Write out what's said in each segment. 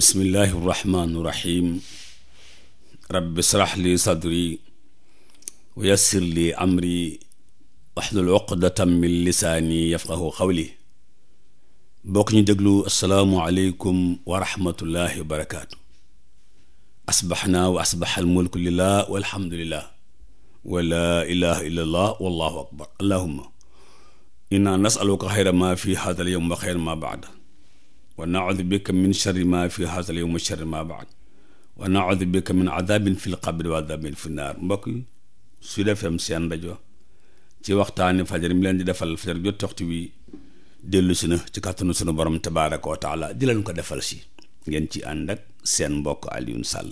bismillahi irrahmaani irrahim rabbi srax li sadri wa yassir li amri waxlul uqdatan min lisaani yafqahu qawli bokk ñu déglu asalaamu aleykum wa rahmatullahi wa barakaatu asbaxnaa wa asbaxa almulku lillah walhamdulillah wa laa ilaha illa allah wallahu akbar allahuma inna nasaluka xayra ma fi hada al yowm wa xayra ma baada wa naudu bika min sharri ma fi haazal yawm wa sharri ma baad wa naudu bika min adaabin fil qabri wa adaabin fin naar mbokk yi Sud seen rajo ci waxtaani fajar mi leen di defal fajar jot waxtu wi dellu si na ci kàttanu sunu borom tabaaraka wa taala di leen ko defal si ngeen ci ànd ak seen mbokk Alioune sàll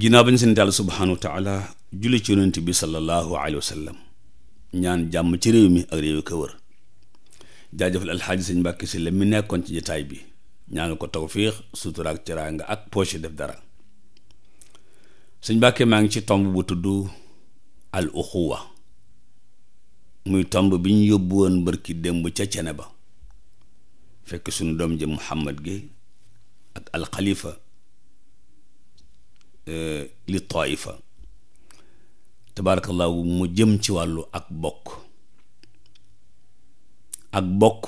ginnaaw ba ñu seen Yàlla subhaanahu wa taala julli ci yonent bi sallallahu alayhi wa ñaan jàmm ci réew mi ak réew yi ko wër jaajëfal alxaaji suñ Mbàkke si la mi nekkoon ci jataay bi ñaanu ko tawfiix sutura ak teraanga ak poche def dara suñ Mbàkke maa ngi ci tomb bu tudd al uxuwa muy tomb bi ñu yóbbu woon mbërki démb ca cene ba fekk suñu doom ji Muhammad gi ak alxalifa xalifa e, li taifa tabaarakallahu mu jëm ci wàllu ak bokk ak bokk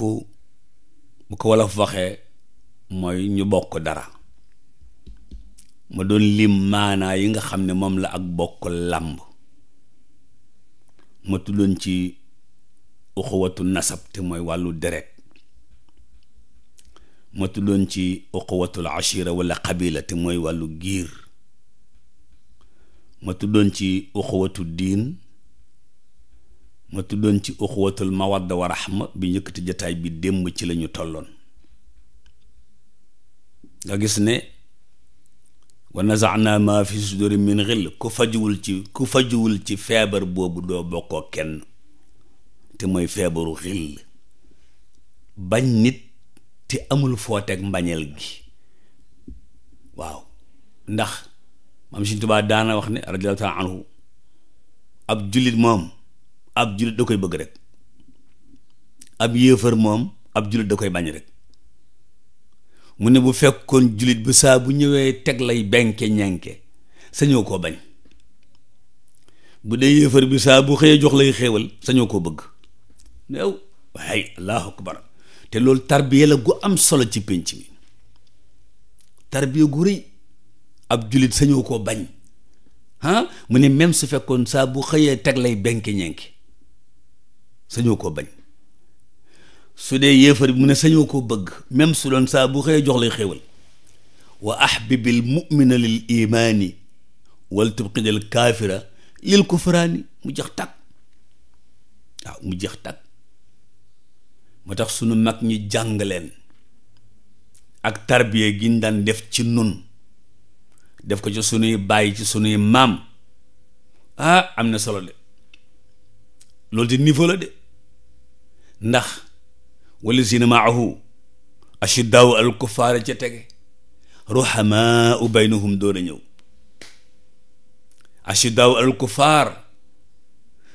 bu ko wolof waxee mooy ñu bokk dara ma doon lim maanaa yi nga xam ne moom la ak bokk làmb ma tuddoon ci uxuwatu nasab te mooy wàllu deret ma doon ci uxuwatul ashira wala xabila te mooy wàllu giir ma tuddoon ci uxuwatu diin ma tuddoon ci uxuwatul mawadda wa raxma bi njëkkati jataay bi démb ci lañu tolloon nga gis ne wa nazaana ma fi suduri min xill ku fajuwul ci ku fajuwul ci feebar boobu doo bokkoo kenn te mooy feebaru xill bañ nit te amul foo mbañeel gi waaw ndax maam Sëriñ Tuubaa daana wax ne radiyallaahu taala anhu ab jullit moom ab jullit da koy bëgg rek ab yéefar moom ab jullit da koy bañ rek mu ne bu fekkoon jullit bi saa bu ñëwee teg lay benke ñenke sañoo koo bañ bu dee yéefar bi saa bu xëyee jox lay xéewal sañoo koo bëgg yow waay allahu akbar te loolu tarbiya la gu am solo ci pénc mi tarbiya gu rëy ab jullit sañoo koo bañ mu ne même su fekkoon saa bu xëyee teg lay benke ñenke sañoo koo bañ su dee yéefar bi mu ne sañoo koo bëgg même su doon saa bu xëyee jox lay xéewal wa ahbibil mumina lil imaani wal tubqidil kaafira lil kufraani mu jeex tàkk waaw mu jeex tàkk moo tax sunu mag ñi jàng leen ak tarbiya gi ñu daan def ci nun def ko ci sunuy bàyyi ci sunuy maam ah am na solo de loolu de niveau la de ndax wallazina maahu ashiddaau al kuffaar ca tege ruhamaau baynahum door a ñëw ashiddaau al kuffaar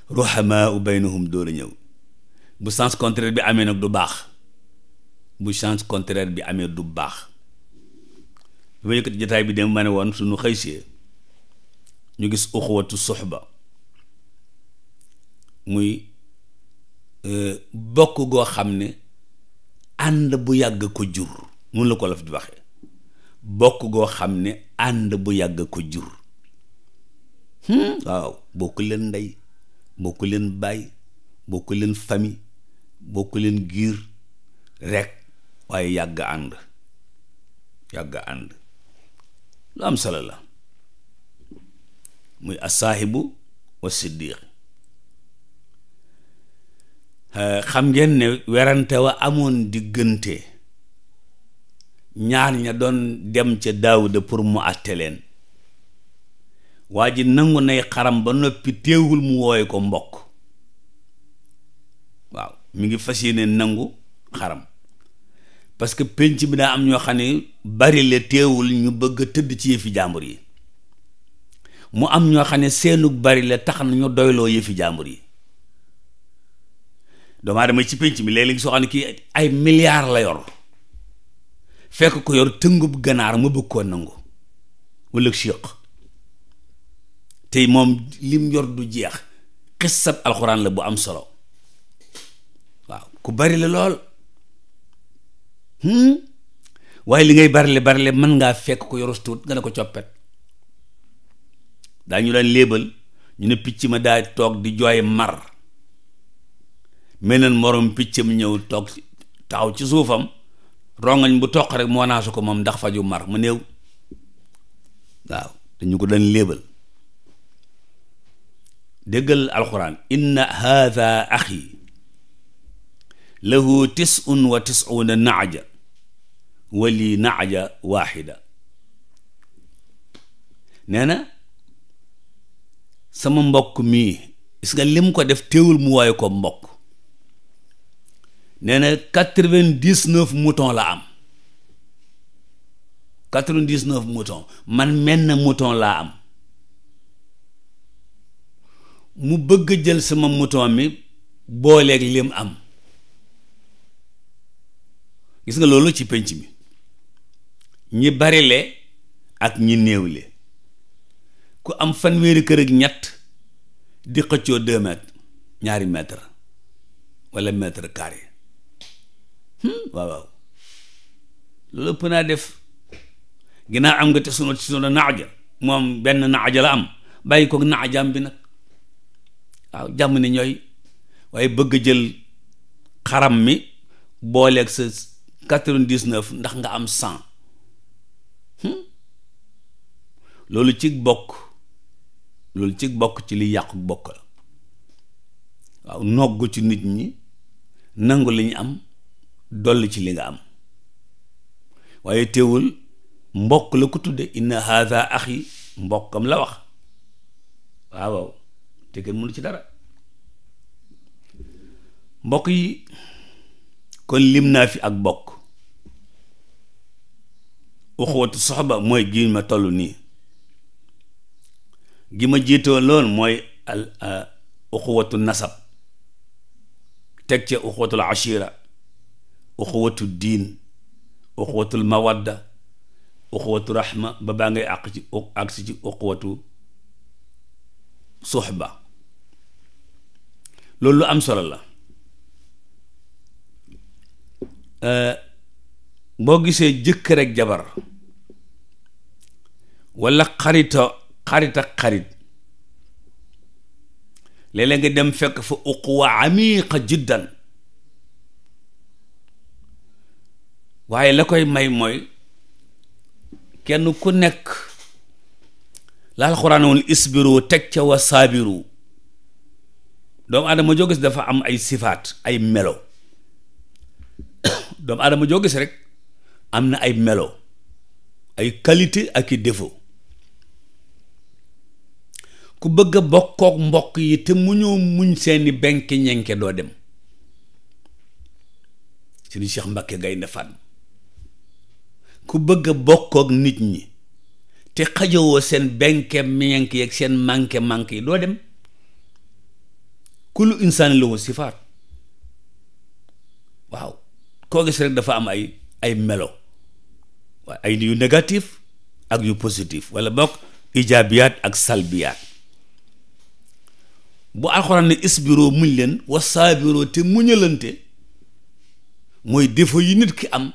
ruhamaau baynahum door a ñëw bu sens contraire bi amee nag du baax bu sens contraire bi amee du baax bi ma yëkkati jotaay bi dem ma ne woon suñu xëysee ñu gis uxuwatu suxba muy bokk goo xam ne ànd bu yàgg ko jur mun la ko la fi waxee bokk goo xam ne ànd bu yàgg ko jur hmm? waaw bokk leen ndey bokk leen baay bokk leen famille bokk leen giir rek waaye yàgg ànd yàgg ànd lu am solo la muy asaahibu wa siddiq xam ngeen ne werante wa amoon diggante ñaar ña doon dem ca Daawuda pour mu àtte leen waa ji nangu nay xaram ba noppi téewul mu wooye ko mbokk waaw mu ngi fas yéene nangu xaram parce que penc bi daa am ñoo xam ne bari la téewul ñu bëgg tëdd ci yëfi jàmbur yi mu am ñoo xam ne seenug bari la tax na ñu doyloo yëfi jàmbur yi doomu aadama ci pénc mi léeg-léeg soo xam ne kii ay milliards la yor fekk ko yor bu ganaar ma bëgg koo nangu walla siix tey moom lim yor du jeex xissab alxuraan la bu am solo waaw ku bari la lool hmm? waaye li ngay barile barile mën ngaa fekk ko yorus tuut nga ne ko coppet daa ñu daan léebal ñu ne picc ma daa toog di jooy mar meneen morom piccam ñëw toog taxaw ci suufam rongañ bu toq rek moo naasu ko moom ndax faju mar mu new waaw dañu ko daan léebal déggal alxuraan inna haada wa tisuna naaja wa lii naaja waaxida nee na sama mbokk mii gis nga ko def téewul mu waaye ko mbokk nee na quatre-vingt-dix-neuf mouton laa am quatre-vingt-dix-neuf mouton man menn mouton laa am mu bëgg jël sama mouton mi booleeg lim am gis nga loolu ci pénc mi ñi barile ak ñi néew le ku am fanweeri kër ak ñett di xëccoo deux mètres ñaari metre walla mètre carré Hmm? waaw waaw loolu ëpp naa def ginnaaw am nga te sunu ci naaja moom benn naaja la am bàyyi ko naajaam bi nag waaw jàmm ni ñooy waaye bëgg jël xaram mi booleeg sa quatre-vingt-dix-neuf ndax nga am cent hmm? loolu ci bokk loolu ci bokk ci li yàqu bokk la waaw nogg ci nit ñi nangu li ñu am doll ci li nga am waaye teewul mbokk la ko tudde inna haadha axi mbokkam la wax waaw te kenn mënu ci dara mbokk yi kon lim naa fi ak mbokk uxuwatu soxba mooy gi ma toll nii gi ma jiitoo lool mooy al uh, uxuwatu nasab teg ca uxuwatul ashira uxuwatu diin uxuwatul mawadda uxuwatu raxma ba baa ngay àq ci agsi ci uxuwatu suxba loolu lu am solo la euh, boo gisee jëkkër ak jabar walla xarita xarit ak xarit léeg dem fekk fa uquwa amiqa jiddan waaye la koy may mooy kenn ku nekk la alxuraan woon isbiru teg ca wa saabiru doomu aadama joo gis dafa am ay sifaat ay melo doomu aadama joo gis rek am na ay melo ay qualité ak i défaut ku bëgg a bokkook mbokk yi te muñoo muñ seeni benk ñenke doo dem suñu Cheikh Mbacké ngay Fatma ku bëgg a bokk nit ñi te xajowoo seen benke menk yeeg seen manqué manqué yi doo dem kullu insaani lahu sifaat waaw koo gis rek dafa am ay ay melo waaye ay yu negatif ak yu positif wala bokk ijaabiyaat ak salbiyaat bu alxuraan ne isbiroo muñ leen wa saabiroo te muñalante mooy défaut yi nit ki am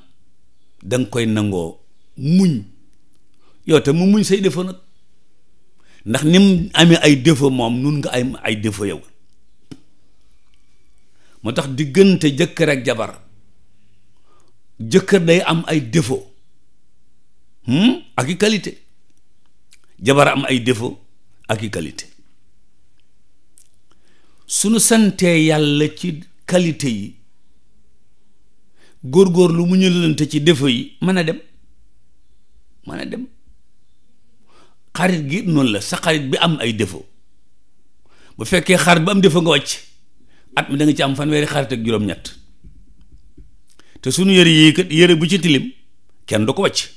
danga koy nangoo muñ yow te mu muñ say défaut nag ndax ni mu amee ay défaut moom nun nga am ay défaut yow moo tax diggante jëkkër ak jabar jëkkër day am ay défaut hmm, ak i qualité jabar am ay défaut ak i qualité suñu santee yàlla ci qualité yi góor-góor lu mu ñu lëlante ci défaut yi mën a dem mën a dem xarit gi noonu la sa xarit bi am ay défaut bu fekkee xarit bi am défaut nga wàcc at mi da ci am fanweeri xarit ak juróom-ñett te sunu yëre yi kat yëre bu ci tilim kenn du ko wacc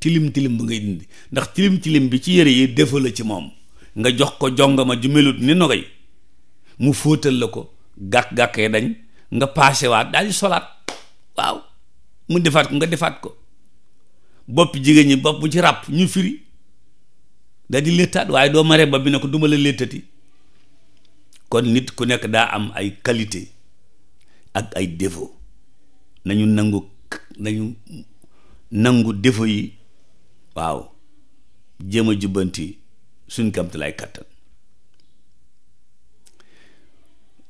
tilim tilim bu ngay dindi ndax tilim tilim bi ci yére yi défaut ci moom nga jox ko jongama ju melut ni nogay mu fóotal la ko gàkk-gàkkee dañ nga paase waat daal di solaat waaw mu defaat ko nga defaat ko bopp jigéen ñi bopp bu ci ràpp ñu firi dañ di léttaat waaye doo mare ba bi ne ko duma la léttati kon nit ku nekk daa am ay qualité ak ay défaut nañu nangu nañu nangu defo yi waaw jéem a jubbanti suñ kamtu lay kattan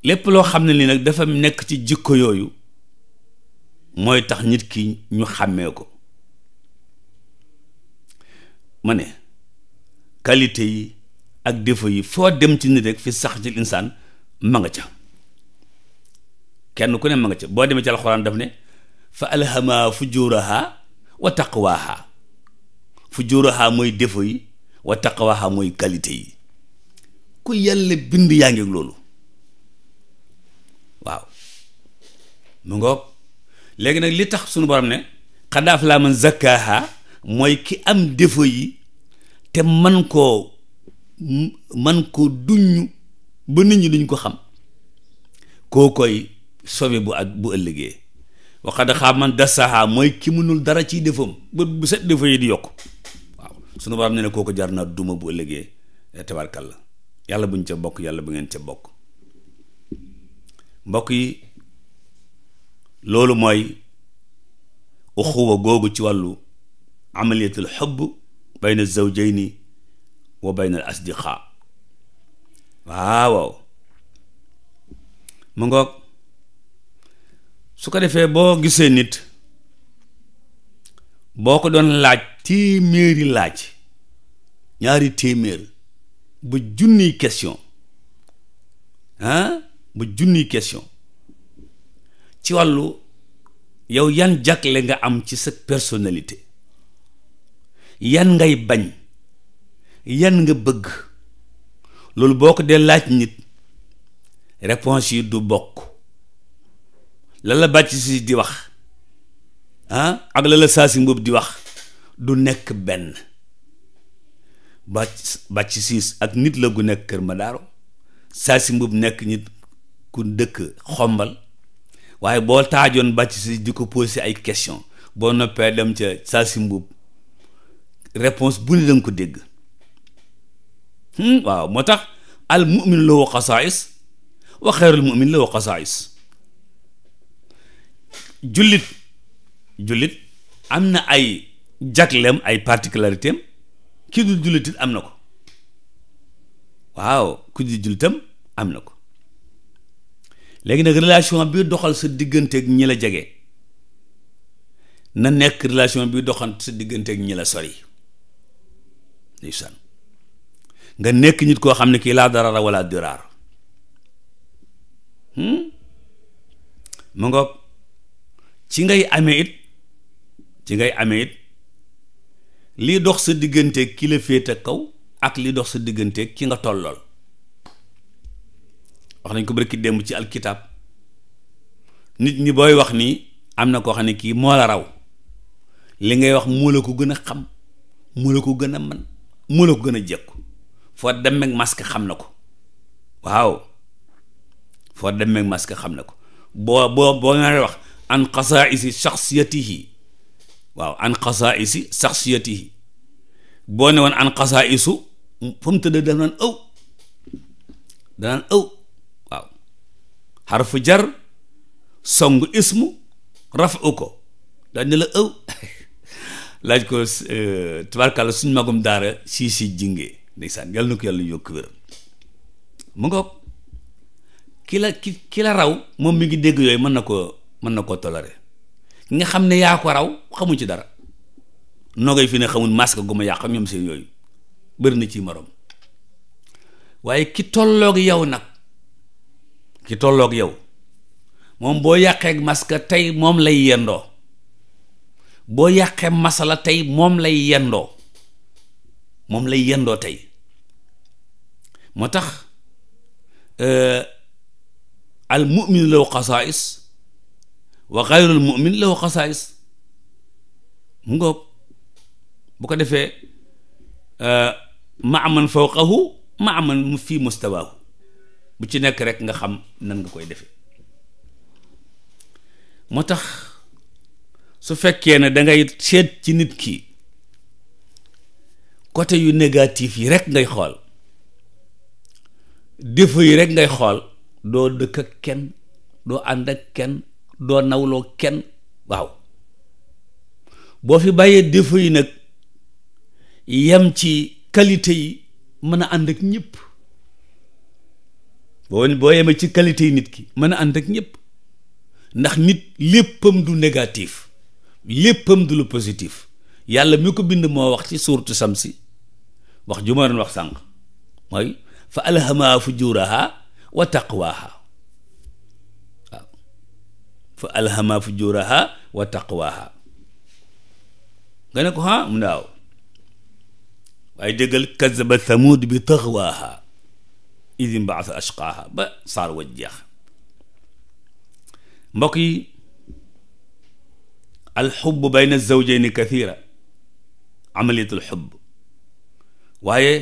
lépp loo xam ne ni nag dafa nekk ci jikko yooyu mooy tax nit ki ñu xàmmee ko ma ne qualité yi ak défaut yi foo dem ci nit rek fi sax ci insaan ma ca kenn ku ne ma nga ca boo demee ci alxuraan daf ne fa alhamaha fujuraha wa taqwaha fujuraha mooy défo yi wa taqwaha mooy qualité yi ku yàlla bind yaa ngi loolu waaw mu ngoog léegi nag li tax suñu borom ne xadaaf laa man zakkaaha mooy ki am défaut yi te man koo man ko duñu ba nit ñi duñ ko xam koo koy sobe bu ak bu ëllëgee waxada xaa man dasaha mooy ki mënul dara ciy defam ba bu set défaut yi di yokk waaw suñu am ne ne ko jar naa duma bu ëllëgee eh, tabarkal la yàlla buñ ca bokk yàlla bu ngeen ca bokk mbokk yi loolu mooy uxuwa googu ci wàllu amaliyatul xubb bayna zawjayni wa bayna al asdiqa waaw mu ngoog su ko defee boo gisee nit boo ko doon laaj téeméeri laaj ñaari téeméer bu junniy question ah, bu junni question ci wàllu yow yan jagle nga am ci sa personnalité yan ngay bañ yan nga bëgg loolu boo ko dee laaj nit réponse yi du bokk la la bàcc si di wax ah ak lala la saa si boobu di wax du nekk benn bàcc bàcc siis ak nit la gu nekk Kër Madaaro saa si mbub nekk nit ku dëkk xombal waaye boo taajoon bàcc si di ko si ay question boo noppee dem ca saa si mbub réponse bu ni danga ko dégg hmm, waaw moo tax al mu'min lahu xasaa'is wa xeerul mu'min lahu xasaa'is jullit jullit am na ay jagleem ay particularitéem ki dul jullitit am na ko waaw ku jullitam am na ko léegi nag relation bi doxal sa digganteek ñi la jege na nekk relation bi doxal sa digganteek ñi la sori ndeysaan nga nekk nit koo xam ne kii laa darara wala diraar mu hmm? nga ci ngay amee it ci ngay amee it lii dox sa digganteeg ki la féete kaw ak lii dox sa digganteeg ki nga tollool wax nañ ko bërki démb ci alkitab nit ñi booy wax ni am na koo xam ne kii moo la raw li ngay wax moo ko gën a xam moo ko gën a man gën a jekku foo dem ak xam na ko waaw foo dem ak masque xam na ko boo boo boo nga wax an xasaisi shaxsiyatihi waaw an boo ne woon an xasaisu fa mu tëdd daf naan ëw danaan ëw xarfu jar song ismu rafu ko dañ ne la ëw laaj ko euh, tubaarkàlla suñ magum daara sii si jingee ndeysaan yàlla na ko yàlla yokk wér mu ngoog ki la ki la raw moom mi ngi dégg yooyu mën na koo mën na koo toléré ki nga xam ne yaa ko raw xamu ci dara nogay fi ne xamul masque gu ma yàq ñoom seen yooyu bari na ci morom waaye ki tolloog yow nag ki tollook yow moom boo yàqee maska tey moom lay yendoo boo yàqee masala tey moom lay yendoo moom lay yendoo tey moo tax euh, al mu'min lahu xasaais wa xayrul mu'min lahu xasaais ngoog bu ko defee euh, ma aman fawqahu ma aman fi mustawaahu bu ci nekk rek nga xam nan nga koy defee moo tax su fekkee ne dangay seet ci nit ki côté yu négatif yi rek ngay xool défaut yi rek ngay xool doo dëkk ak kenn doo ànd ak kenn doo nawloo kenn waaw boo fi bàyyee défaut yi nag yem ci qualité yi mën a ànd ak ñëpp boo boo yemee ci qualité yi nit ki mën a ànd ak ñëpp ndax nit léppam du négatif léppam du lu positif yàlla mi ko bind moo wax ci suurtu si wax ju ma wax sànq mooy fa alhamaha fujuraha wa taqwaha waaw fa alhamaha ko ha mu naaw waaye déggal kazaba thamud bi taxwaha idin baasa ashqaaha ba saar wa jeex mbokk yi alxubb bayna zawjayni kathira amaliyatul xubb waaye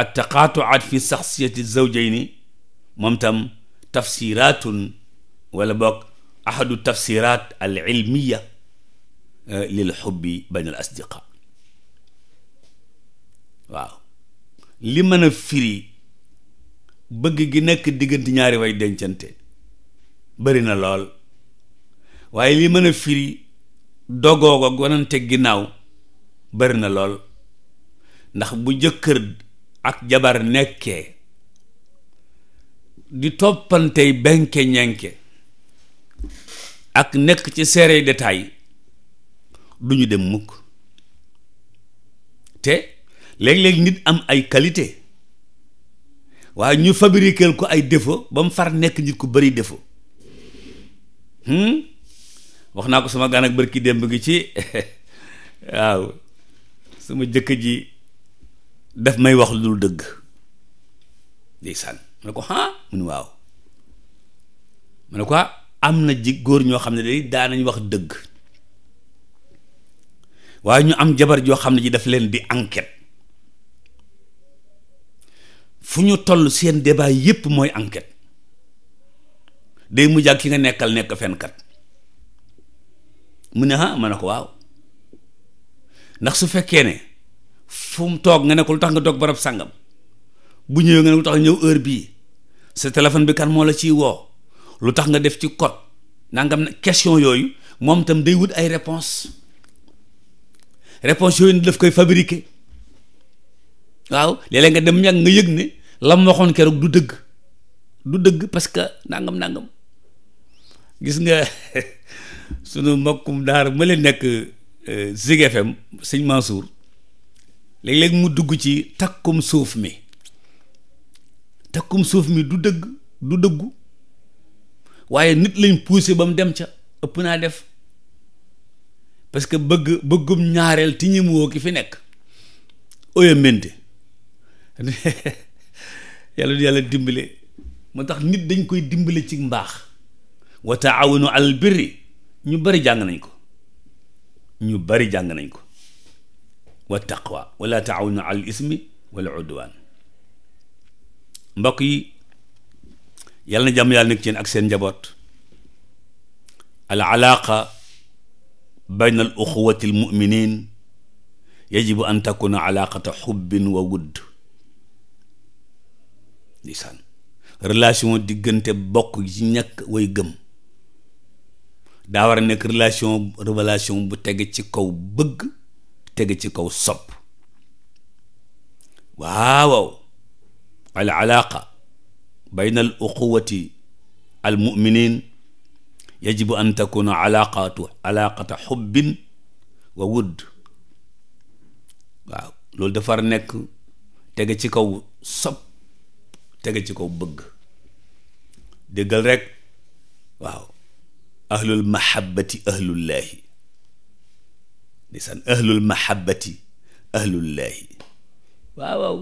attaqaatuaat fi saxsiyati zawjayni moom tam tafsiratun wala boog ahadu tafsirat al ilmiya lil xubbi bayn al asdiqa waaw li mën a firi bëgg gi nekk diggante ñaari way dencante bari na lool waaye li mën a firi dogoo gonante ginnaaw bari na lool ndax bu jëkkër ak jabar nekkee di toppantey benke ñenke ak nekk ci seere détail du ñu dem mukk te léeg-léeg nit am ay qualité waaye ñu fabriquer ko ay défaut ba mu far nekk nit ko bari defo hmm? wax naa ko sama gaan ak bërki démb gi ci waaw sama jëkkër ji daf may wax lu dul dëgg ndeysaan ma ne ko ah mu ne waaw ma ne ko ah, am na ji góor ñoo xam ne day daanañ wax dëgg waaye ñu am jabar joo xam ne ji daf leen di enquête fu ñu toll seen débat yépp mooy enquête day mujj ak ki nga nekkal nekk fenkat mu ne ah ma ne ko waaw ndax su fekkee ne fu toog nga ne ko lu tax nga toog barab sàngam bu ñëwee nga ne lu tax ñëw heure bii sa téléphone bi kan moo la ciy woo lu tax nga def ci code nangam na question yooyu moom itam day wut ay réponse réponse yooyu daf koy fabriquer waaw léeg nga dem ñàkk nga yëg ni lam waxoon keroog du dëgg du dëgg parce que nangam nangam gis nga sunu mbokkum daar ma leen nekk euh, Zig FM sëñ Mansour léeg-léeg mu dugg ci takkum suuf mi takkum suuf mi du dëgg du dëggu waaye nit lañ poussé ba mu dem ca ëpp naa def parce que bëgg bëggum ñaareel ti ñi mu woo ki fi nekk oyo yàlla du yàlla dimbale moo tax nit dañ koy dimbale ci mbaax wa taawanu alal birri ñu bari jàng nañ ko ñu bari jàng nañ ko wa taqwa wala taawanu alal ismi wala udwaan mbokk yi yàlla na jàmm yàlla nekk ak seen njaboot ala alaaqa bayna al uxuwati al muminin yajibu an takuna alaaqata xubbin wa wudd ndeysaan relation diggante bokk ci ñàkk way gëm daa a nekk relation relation bu tege ci kaw bëgg tege ci kaw sopp waaw al alaaqa bayna al uquwati al muminin yajibu an takuna alaaqatu alaaqata xubbin wudd waaw loolu dafar nekk tege ci kaw sopp tege ci kaw bëgg déggal rek waaw ahlul mahabbati ahlullaahi di san ahlul mahabbati ahlullaahi waaw waaw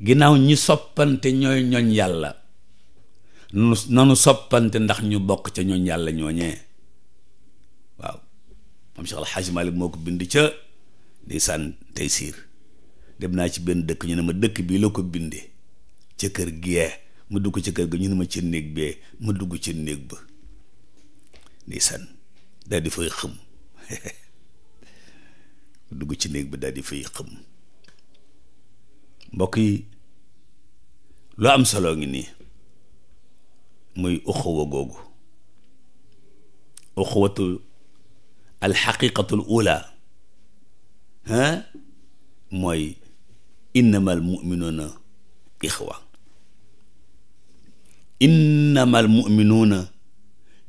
ginnaaw ñi soppante ñooy ñoñ yàlla nanu soppante ndax ñu bokk ca ñoñ yàlla ñooñee waaw moom Cheikh Al Hadj Malick moo ko bind ca di san tey siir dem naa ci benn dëkk ñu ne ma dëkk bi la ko bindee ca kër gee ma dugg ca kër ga ñu ma ca néeg bee ma dugg ca néeg ba ndeysaan daal di fay xëm dugg ci néeg bi daal di fay yi lu am solo ngi nii muy uxuwa googu uxuwatu alxaqiqatu l ula mooy innamal muminuuna ixwa innamal muminuuna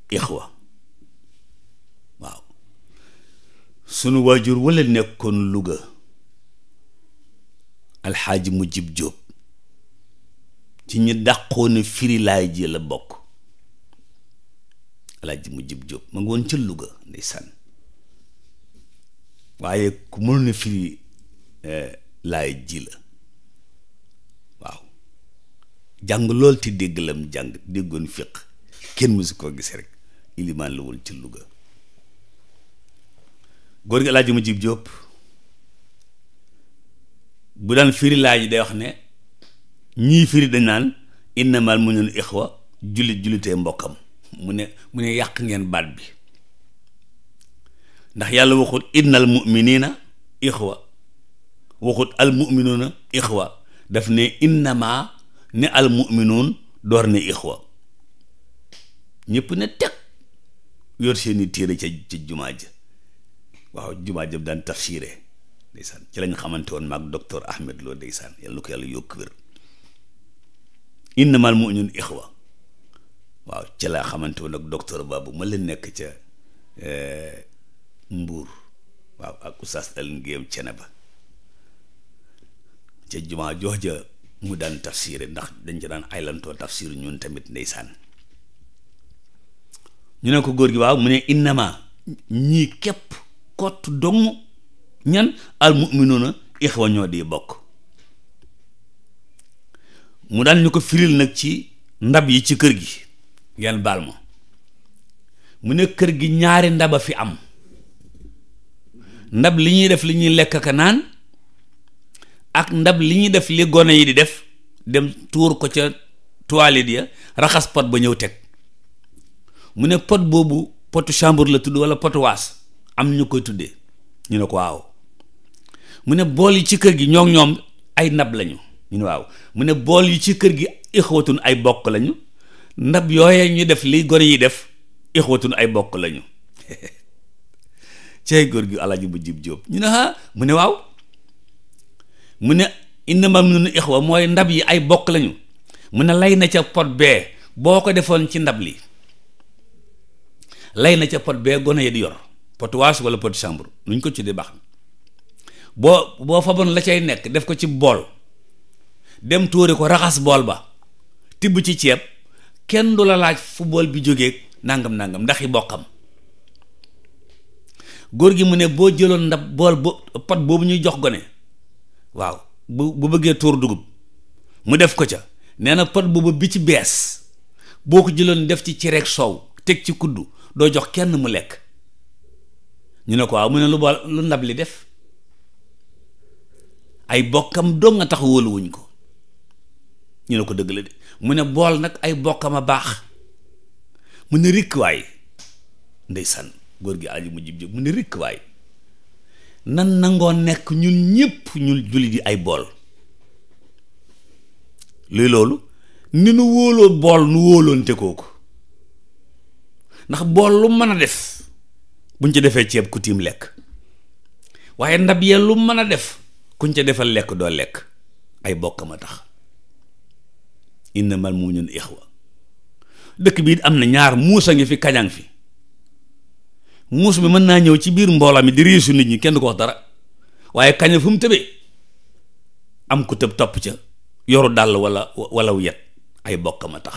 ixwa sunu waajur wala nekkoon Louga alxaaji Mujib Jóob ci ñu dàqoon firi laay ji la bokk alxaaji Mujib Jóob ma ngi woon ca Louga ndeysaan waaye ku mënoon firi laay ji la waaw jàng lool te dégg lam jàng déggoon fiq kenn mësu koo gis rek ilimaan la woon ci Louga góor gi Alaaji Mujib Jóob bu daan firi laaj day wax ne ñii firi dañ naan innamal mu ñun ixwa jullit jullitee mbokkam mu ne mu ne yàq ngeen baat bi ndax yàlla waxul innal muminina ixwa waxut almuminuuna ixwa daf ne innama ne almuminuun door ne ixwa ñëpp ne teg yor seeni téere ca jumaa ja waaw jumaa ja daan tafsiree ndeysaan ci lañ xamante woon maag docteur Ahmed Lo ndeysaan yàlla na ko yàlla yokk wér innama almuminuun ixwa waaw ci laa xamante woon ak docteur Babou ma leen nekk ca eh, Mbuur waaw ak oustaz Alioune Guèye Thiénaba ca jumaa jox ja mu daan tafsire ndax dañ ca daan aylantoo tafsir ñun tamit ndeysaan ñu ne ko góor gi waaw mu ne innama ñii képp kott dong ñan al mu'minuuna ixwa ñoo di bokk mu daan ñu ko firil nag ci ndab yi ci kër gi ngeen baal ma mu ne kër gi ñaari ndaba fi am ndab li ñuy def li ñuy lekk ka naan ak ndab li ñuy def li gone yi di def dem tuur ko ca toilette ya raxas pot ba ñëw teg mu ne pot boobu potu chambre la tudd wala potu waas am ñu koy tuddee ñu ne ko waaw mu ne bool yi ci kër gi ñoom ñoom ay ndab lañu waaw mu ne bool yi ci kër gi ixwatun ay bokk lañu ndab yooye ñu def li gone yi def ixwatun ay bokk lañu cey góor gi alaaji bu jib jóob ñu ne ha mu ne waaw mu ne innamam nunu ixwa mooy ndab yi ay bokk lañu mu ne lay na ca pot bee boo ko defoon ci ndab li lay na ca pot bee gone yi di yor pot waas wala pot chambre luñ ko ci di baax boo boo faboon la cay nekk def ko ci bool dem tóore ko raxas bool ba tibb ci ceeb kenn du la laaj fu bool bi jógee nangam nangam ndax i bokkam góor gi mu ne boo jëloon ndab bool boobu ñuy jox gone waaw bu bu bëggee tuur dugub mu def ko ca nee na pot boobu bi ci bees boo ko jëloon def ci cereeg soow teg ci kuddu doo jox kenn mu lekk ñu ne ko waaw mu ne lu bool lu ndab li def ay bokkam doo nga tax wóoluwuñ ko ñu ne ko dëgg la de mu ne bool nag ay bokkam a baax mu ne rikk waay ndeysaan góor gi aji mu jib jib mu ne rikk waay nan nangoo nekk ñun ñépp ñun jullit yi ay bool luy loolu ni nu wóoloo bool nu wóoloonte kooku ndax bool lu mën a def buñ ci defee ceeb ku tiim lekk waaye ndab yee lu mën a def kuñ ca defal lekk doo lekk ay bokk a tax man mu ñun ixwa dëkk bii am na ñaar muusa ngi fi kañang fi muus bi mën naa ñëw ci biir mbooloo mi di riisu nit ñi kenn koo dara waaye kaña fu mu tëbee am ku tëb topp ca yoru dàll wala walaw yet ay bokkam a tax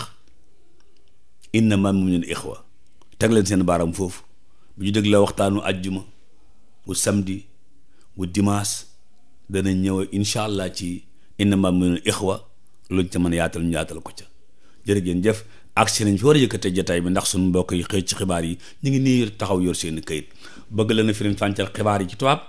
innamal mu'minuuna ixwa teg leen seen baaram foofu bu ñu dégg la waxtaanu ajjuma bu samedi bu dimaas danañ ñëw incha allah ci innamal mu'minuuna ixwa luñ ca mën yaatal ñu yaatal ko ca jërëgéen jëf agsi nañ fi war a yëkkatee jotaay bi ndax suñu mbokk yi xëy ci xibaar yi ñu ngi nii taxaw yor seen këyit bëgg la na firiñ fàncal xibaar yi ci tubaab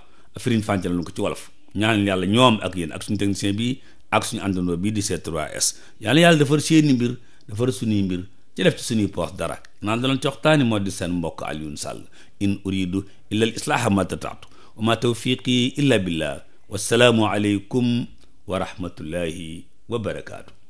firiñ fàncal lañ ko ci wolof ñaan yàlla ñoom ak yéen ak suñu technicien bi ak suñu àndandoo bii di seet 3 s yàlla yàlla defar seeni mbir defar suñuy mbir ci def ci suñuy poos dara naan daloon ci waxtaani moo di seen mbokk Alioune Sall in uridu illa al islaaha ma tataatu wa ma tawfiqi illa billah wassalaamu aleykum wa rahmatullahi wa